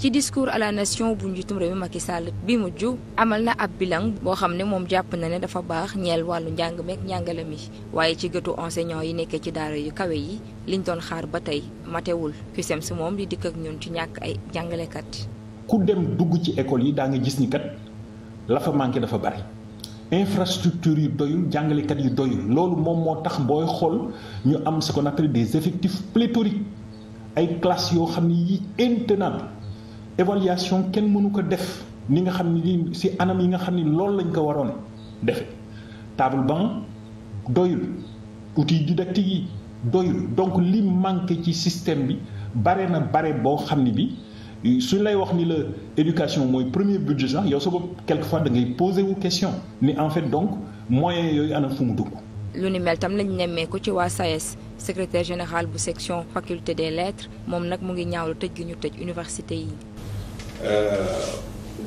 ci discours à la nation bu njiitum réew mi Macky Sall bi mujj amal na ab bilan boo xam ne moom jàpp na ne dafa baax ñeel wàllu njàng meek njàngale mi waaye ci gëtu enseignant yi nekkee ci daara yu kawe yi liñ doon xaar ba tey matewul CUSEMS si moom di dikk ak ñun ci ñàkk ay jàngalekat. ku dem dugg ci école yi daa nga gis ni kat la dafa bari infrastructure yu doyul jàngalekat yu doyul loolu moom moo tax booy xool ñu am ce qu'on appelle des effectifs yoo xam ne yi intenable évaluation kenn mënu ko def ni nga xam ni si anam yi nga xam ni loolu lañ ko waroon defe table banc doyul di didactiques yi doyul donc li manqué ci système bi bare na bare boo xam ni bi suñ lay wax ni la éducation mooy premier budget sax yow sa bopp quelquefois da ngay poser wu question ni en fait donc moyen yooyu anam fu mu dugg lu ni mel tam lañ nemmeeku ci waa SAES secretaire général bu section faculté des lettres moom nag mu ngi ñaawlu tëj gi ñu tëj université yi. Euh,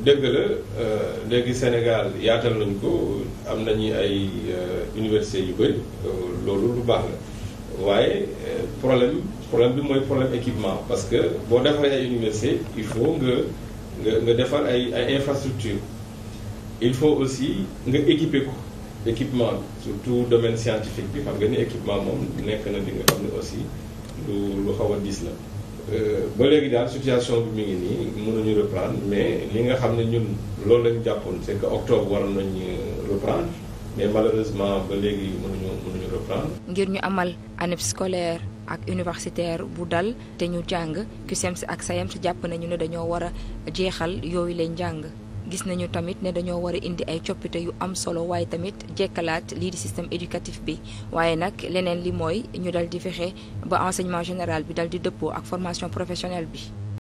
dëgg la euh, léegi Sénégal yaatal nañ ko am nañu ay euh, université yu bëri loolu lu baax la waaye problème problème bi mooy problème équipement parce que boo defaree ay université il faut nga nga nga defar ay ay infrastructure il faut aussi nga équiper ko. équipement surtout domaine scientifique bi xam nga ni équipement moom nekk na li nga xam ne aussi lu lu xaw a diis la. Euh, ba léegi daal situation bi mi ngi nii mënuñu reprendre mais li nga xam ne ñun loolu lañu jàppoon c'est que octobre waroon nañu reprendre mais malheureusement ba léegi mënuñu mënuñu reprendre. ngir ñu amal année scolaire ak universitaire bu dal te ñu jàng CUSEMS ak si jàpp nañu ne dañoo war a jeexal yooyu leen jàng. gis nañu tamit ne dañoo war a indi ay coppite yu am solo waaye tamit jekkalaat lii di système éducatif bi waaye nag leneen li mooy ñu dal di fexe ba enseignement général bi dal di dëppoo ak formation professionnel bi